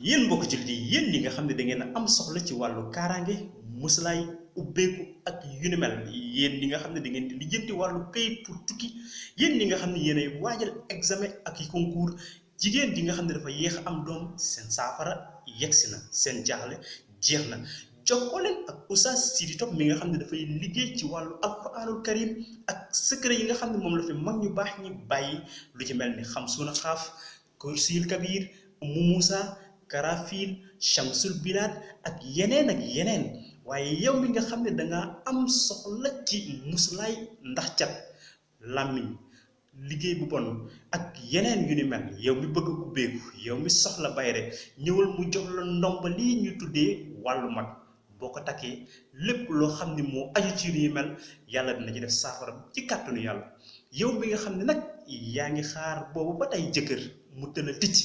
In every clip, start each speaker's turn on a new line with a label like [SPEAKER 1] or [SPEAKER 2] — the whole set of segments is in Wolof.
[SPEAKER 1] yéen mbokk jullit yi yéen ñi nga xam ne da ngeen am soxla ci wàllu kaaraange muslaay ubbeeku ak yu ni mel yéen ñi nga xam ne da ngeen di lijjanti wàllu kayit pour tukki yéen ñi nga xam ne yéenay waajal examen ak i jigéen ji nga xam ne dafa yéex am doom seen saafara yegsi na seen jaaxle jeex na jokkoo leen ak oustaz mi nga xam ne dafay liggéey ci wàllu alquranul karim ak secret yi nga xam ne moom la fi mag ñu baax ñi bàyyi lu ci mel ni xam suuna xaaf kursil kabir mu Moussa. karafil shamsul bilaad ak yeneen ak yeneen waaye yow mi nga xam ne danga am soxla ci muslaay ndax cat làmmiñ liggéey bu bon ak yeneen yu ni mel yow mi bëgg ku beeku yow mi soxla bay rek ñëwal mu jox la ndomba lii ñu tuddee wàllu mag boo ko takkee lépp loo xam ne moo aju ci yu mel yàlla dina ci def saafara ci kàttanu yàlla yow mi nga xam ne nag yaa ngi xaar boobu ba tey jëkkër mu tën a ticc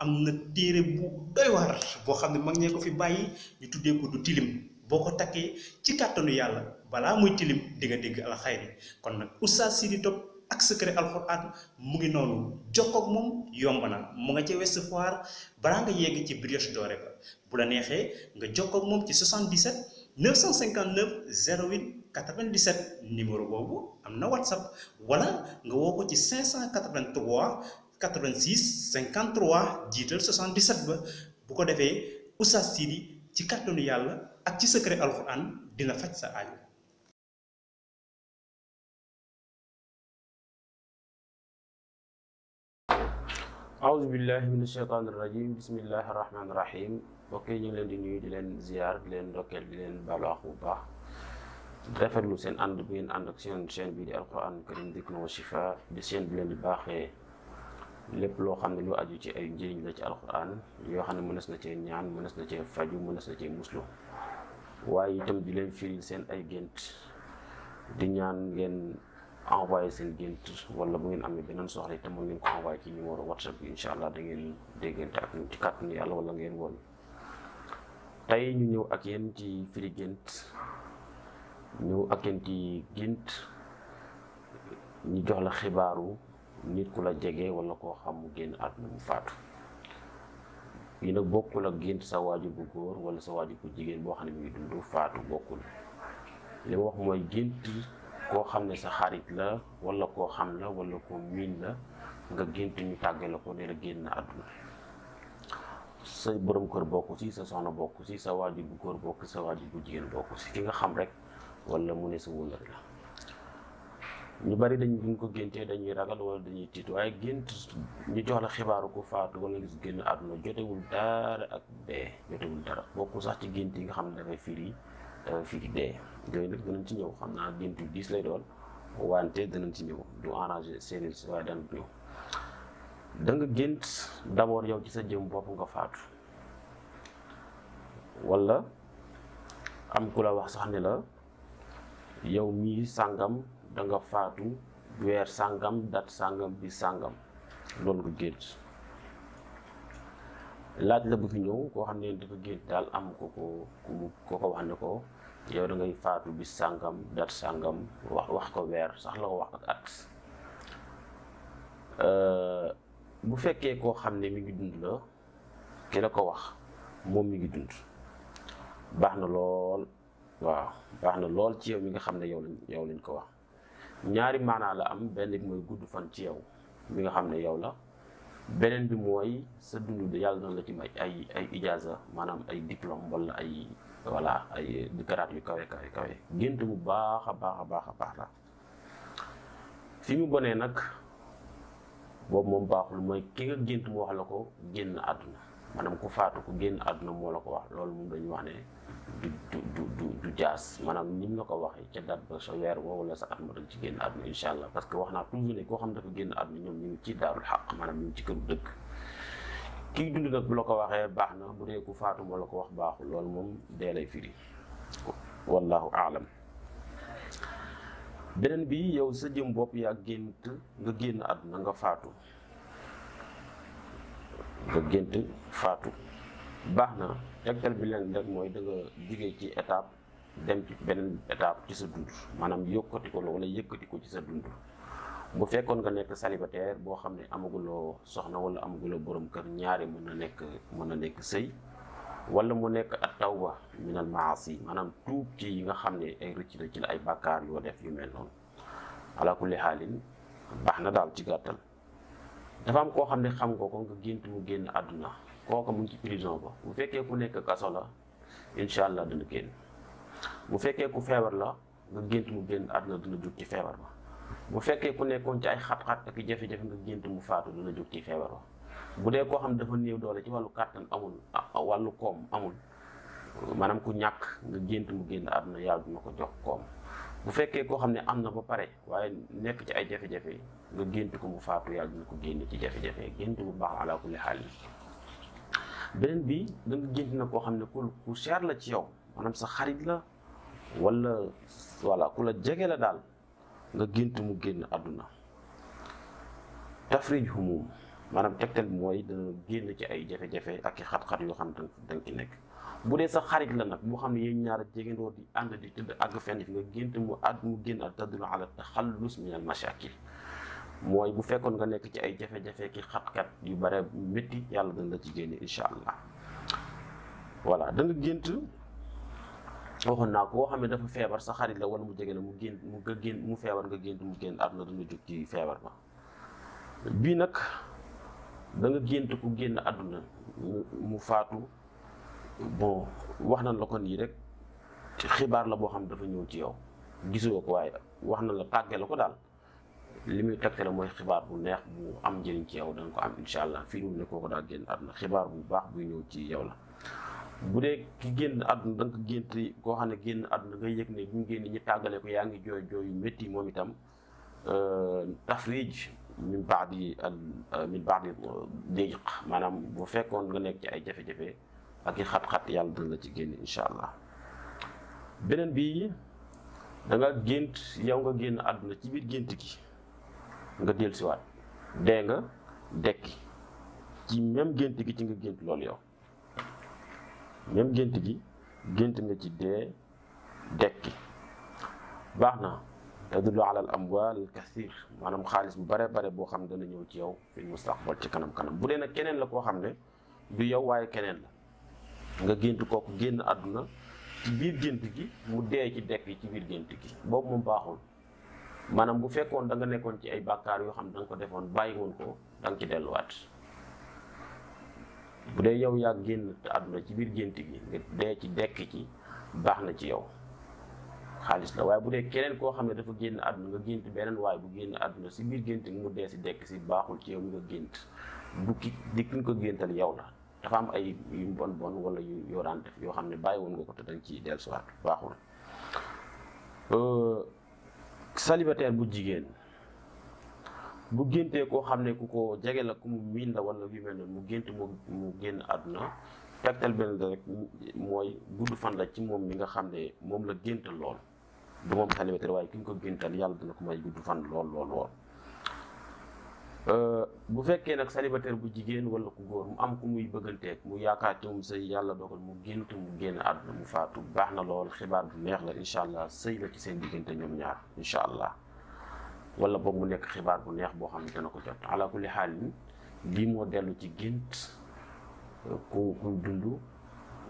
[SPEAKER 1] am na téere bu doy waar boo xam ne mag ñee ko fi bàyyi ñu tuddee ko du tilim boo ko takkee ci kàttanu yàlla balaa muy tilim di nga dégg alxayri kon nag Oustaz Sidy Top ak secret alxuraan mu ngi noonu jox jokkoog moom yomb na mu nga ca Ouest Foire balaa nga yegg ci brioche dorée ba bu la neexee nga jox jokkoog moom ci 77 959 08 97 numéro boobu am na whatsapp wala nga woo ko ci 583 86 53 jiital 77 ba bu ko defee Oustaz Sidy ci kàttanu yàlla ak ci secret alxuraan dina faj sa aajo.
[SPEAKER 2] aouzu billahi min asheytaani rajim bismillahi rahmaani rahim mbokk yi ñu ngi leen di nuyu di leen ziar di leen ndokkeel di leen baalu àq bu baax rafetlu seen ànd bu ngeen ànd ak seen chaîne bi di alxuraan karim dikna wa shifa di seen bi leen di baaxee. lépp loo xam ne lu aju ci ay njëriñ la ci alquran yoo xam ne mënees na cee ñaan mënees na cee faju mënees na cee muslu waaye itam di leen firil seen ay gént di ñaan ngeen envoyé seen gént wala bu ngeen amee beneen soxla te moom ngeen ko envoyé ci numéro whatsapp bi incha allah da ngeen déggante ak ci kàttanu yàlla wala ngeen woon tey ñu ñëw ak yéen ci firi gént ak yéen ci gént ñu jox la xibaaru nit ku la jege wala koo xam mu génn àdduna mu faatu yi nag bokkul ak gént sa waajur bu góor wala sa waajur bu jigéen boo xam ne faatu bokkul li ma wax koo xam ne sa xarit la wala koo xam la wala koo miin la nga gént ñu tàgge ko ne la génn borom kër bokk ci sa soxna bokk ci sa waajur bu góor bokk sa waajur bu jigéen bokk ci ki nga xam rek wala mu ne sa wëllëre la ñu bari dañ buñ ko génte dañuy ragal wala dañuy tiit waaye gént ñu jox la xibaaru ko faatu wala gis génn àdduna jotewul dara ak dee jotewul dara bokkul sax ci gént yi nga xam ne dafay firi dafay firi dee yooyu nag danañ ci ñëw xam naa gént yu diis wante danañ ci ñëw du arrangé séeréer si waaye danañ da nga gént d'abord yow ci sa jëm bopp nga faatu wala am ku la wax sax ni la yow mii sàngam da nga faatu weer sàngam dat sàngam bi sàngam loolu ko gént laaj la bu fi ñëw koo xam ne dafa gént daal am ko ko wax ne ko yow da ngay faatu bi sàngam dat sàngam wax wax ko weer sax la ko wax ak at euh, bu fekkee koo xam ne mi ngi dund la ki la ko wax moom mi ngi dund baax na lool waaw baax na lool ci yow mi nga xam ne yow lañ yow lañ ko wax ñaari maanaa la am benn bi mooy gudd fan ci yow mi nga xam ne yow la beneen bi mooy sa dund bi yàlla noonu la ci may ay ay ijaaza maanaam ay diplôme walla ay voilà ay garaat yu kawe kawe kawe gént bu baax a baax a baax a baax la fi mu bonee nag boobu moom baaxul mooy ki nga gént mu wax la ko génn àdduna maanaam ku faatu ku génn àdduna moo la ko wax loolu moom dañuy wax ne du du du jaas maanaam ni ñu la ko waxee ca date ba sa weer woowu sa at ma dañ ci génn àdduna incha allah parce que wax naa toujours ne koo xam dafa génn àdduna ñoom ñu ngi ci daarul xaq maanaam ñu ngi ci këru dëkk kii dund nag bu la ko waxee baax na bu dee ku faatu moo la ko wax baaxu loolu moom dee lay firi wallahu aalam beneen bi yow sa jëm bopp yaa gént nga génn àdduna nga faatu nga gént faatu baax na tegtal bi leen rek mooy danga nga ci étape dem ci beneen étape ci sa dund maanaam yokkati ko wala yëkkati ko ci sa dund bu fekkoon nga nekk célibataire boo xam ne amaguloo soxna wala amaguloo boroom kër ñaari mën na nekk mën na nekk sëy wala mu nekk at tawba minal maasi maanaam tuub ci yi nga xam ne ay rëcc la ci la ay bàkkaar yoo def yu mel noonu ala xaalin baax na daal ci gàttal dafa am koo xam ne xam nga ko gént mu génn àdduna kooka mu ngi ci prison ba bu fekkee ku nekk kaso la incha allah dana génn bu fekkee ku feebar la nga gént mu génn àdduna dana jug ci feebar ba bu fekkee ku nekkoon ci ay xat-xat jafe-jafe nga gént mu faatu dana jug ci feebar bu dee koo xam dafa néew doole ci wàllu kàttan amul ah, wàllu koom amul maanaam ku ñàkk nga gént mu génn àdduna yàlla dina ko jox koom bu fekkee koo xam ne am na ba pare waaye nekk ci ay jafe-jafe nga gént ko mu faatu yàlla dina ko génne ci jafe-jafe gént bu baax ala kulli xaal beneen bi da nga gént na koo xam ne ku ku cher la ci yow maanaam sa xarit la wala voilà ku la jege la daal nga gént mu génn àdduna tafrij humum maanaam tegtal mooy dana génn ci ay jafe-jafe ak i xat-xat yoo xam ne danga ci nekk bu dee sa xarit la nag moo xam ne yéen ñaar a jegandoo di ànd di tëdd àgg fenn fi nga gént mu àdd mu génn ak tadulu ala taxallus min al mashakil mooy bu fekkoon nga nekk ci ay jafe ki xatkat yu bare métti yàlla dana ci génne incha allah voilà da gént waxoon naa ko koo xam ne dafa feebar sa la wala mu jege la mu génn mu nga feebar nga gént mu génn na dana jóg ci feebar ba bii nag danga gént ku génn àdduna mu faatu bon wax nañ la ko nii rek xibaar la boo xam dafa ñëw ci yow gisoo ko waaye wax na la tàgge la ko daal li muy tegte la mooy xibaar bu neex bu am njëriñ ci yow da ko am incha allah fii mu ne kooku daal génn na xibaar bu baax buy ñëw ci yow la bu dee ki génn àdduna da nga ko gént koo xam ne génn àdduna nga yëg ne bu ñu génn ñi tàggale ko yaa ngi jooy jooy yu métti moom itam euh, tafrij min baadi min baadi déejiq maanaam bu fekkoon nga nekk ci ay jafe ak i xat-xat yàlla dina la ci génn incha allah beneen bi da gént yow nga génn àdduna ci biir gént gi nga dellusiwaat dee nga dekki ci même gént gi ci nga gént loolu yow même gént gi gént nga ci dee dekki baax na tadullu ala al amwal al kathir maanaam xaalis bu bare bare boo xam dana ñëw ci yow fi mustaqbal ci kanam-kanam bu dee na keneen la koo xam ne du yow waaye keneen la nga gént kooku génn àdduna ci biir gént gi mu dee ci dekk ci biir gént gi boobu moom baaxul maanaam bu fekkoon da nga nekkoon ci ay bàkkaar yoo xam ne da ko defoon bàyyi woon ko da nga ci delluwaat bu dee yow yaa génn àdduna ci biir gént gi nga dee ci dekk ci baax na ci yow xaalis waaye bu dee keneen koo xam ne dafa génn àdduna nga gént beneen waaye bu génn àdduna si biir gént mu dee si dekk si baaxul ci yow nga gént du ki di ki ko géntal yow la dafa am ay yu bon bon wala yu yoo def yoo xam ne bàyyi woon nga ko te dañ ciy dellusiwaat waaxul euh, célibataire bu jigéen bu géntee koo xam ne ku ko jege la ku mu miin la wala yu mel mu gént mu mu génn àdduna tegtal benn rek mooy gudd fan la ci moom mi nga xam ne moom la géntal lool du moom célibataire waaye ki ñu ko géntal yàlla dina ko may gudd fan lool lool lool Euh, bu fekkee nag célibataire bu jigéen wala ku góor mu am ku muy bëgganteeg mu yaakaar te mu sëy yàlla dogal mu gént te mu génn àdduna mu faatu baax na lool xibaar bu neex la incha allah sëy la ci seen diggante ñoom ñaar incha allah wala boog mu nekk xibaar bu neex boo xam ne dana ko jot ala kulli xaalin lii moo dellu ci gént ku kuy dund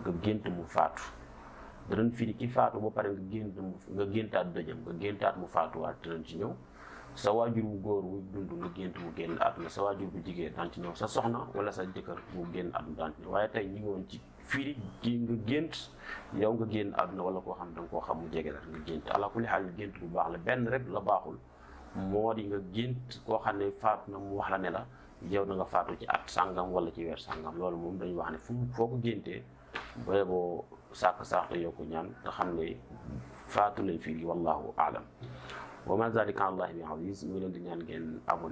[SPEAKER 2] nga gént mu faatu danañ firi ki faatu ba pare nga gént mu nga géntaat dëjëm nga géntaat mu faatuwaat danañ ci ñëw sa waajur wu góor wu dund nga gént mu génn àdduna sa waajur bu jigéen daan ci ñëw sa soxna wala sa jëkkër mu génn àdduna daan ci ñëw waaye tey ñu ci firi gi nga gént yow nga génn àdduna walla koo xam da nga koo xam mu jege rek nga gént ala kulli xaal gént bu baax la benn rek la baaxul moo di nga génn koo xam ne faatu na mu wax la ne la yow da nga faatu ci at sàngam wala ci weer sàngam loolu moom dañu wax ne fu foo ko géntee boo boo sàkk saax te yow ko ñaan te xam ne faatu lay firi wallahu aalam wa ma zalika allahi bi aziz ñu leen di euh, am wa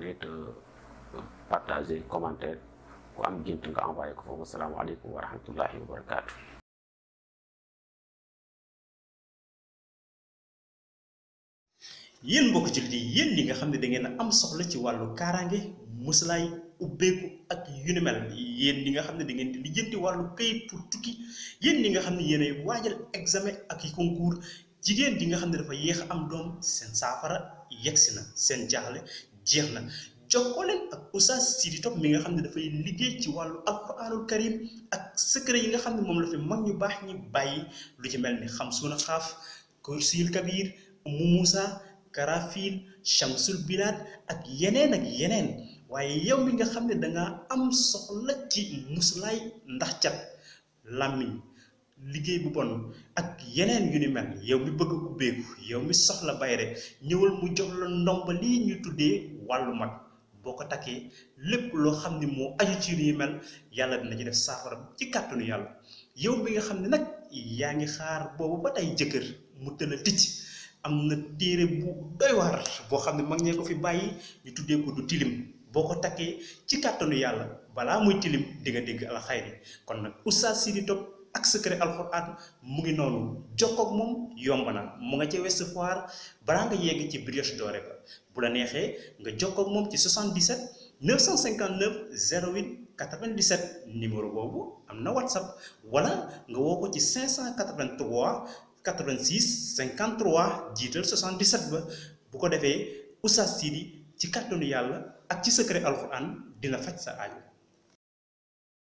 [SPEAKER 1] rahmatullahi wa nga xam ne da ngeen am soxla ci wàllu kaaraange muslaay ubbeeku ak yu ni mel yéen ñi nga xam ne da ngeen di lijjanti wàllu këyit pour tukki yéen ñi nga xam ne yéenay waajal examen ak concours jigéen gi nga xam ne dafa yéex am doom seen saafara yegsi na seen jaaxle jeex na jokkoo leen ak usa Sidi Top mi nga xam ne dafay liggéey ci wàllu alquranul karim ak secret yi nga xam ne moom la fi mag ñu baax ñi bàyyi lu ci mel ni xamsuuna xaaf kursil kabir umu musa karafil shamsul bilaad ak yeneen ak yeneen waaye yow mi nga xam ne danga am soxla ci muslaay ndax cat làmmiñ liggéey bu bon ak yeneen yu ni mel yow mi bëgg ubbeeku yow mi soxla bayre ñëwal mu jox la ndomba lii ñu tuddee wàllu mag boo ko takkee lépp loo xam ni moo aju ci ni mel yàlla dina ci def saafara ci kàttanu yow mi nga xam ne nag yaa ngi xaar boobu ba tey jëkkër mu tëla ticc am na téere bu doy waar boo xam ne mag ñee ko fi bàyyi ñu tuddee ko du tilim boo ko takkee ci kàttanu yàlla balaa muy tilim di nga alxayri kon nag Oustaz Sidy Top ak secret alxuraan mu ngi noonu jox jokkoog moom yomb na mu nga ca Ouest Foire balaa nga yegg ci brioche dorée ba bu la neexee nga jox jokkoog moom ci 77 959 08 97 numéro boobu am na whatsapp wala nga woo ko ci 583 86 53 jiital 77 ba bu ko defee Oustaz Sidy ci kàttanu yàlla ak ci secret alxuraan dina faj sa aajo.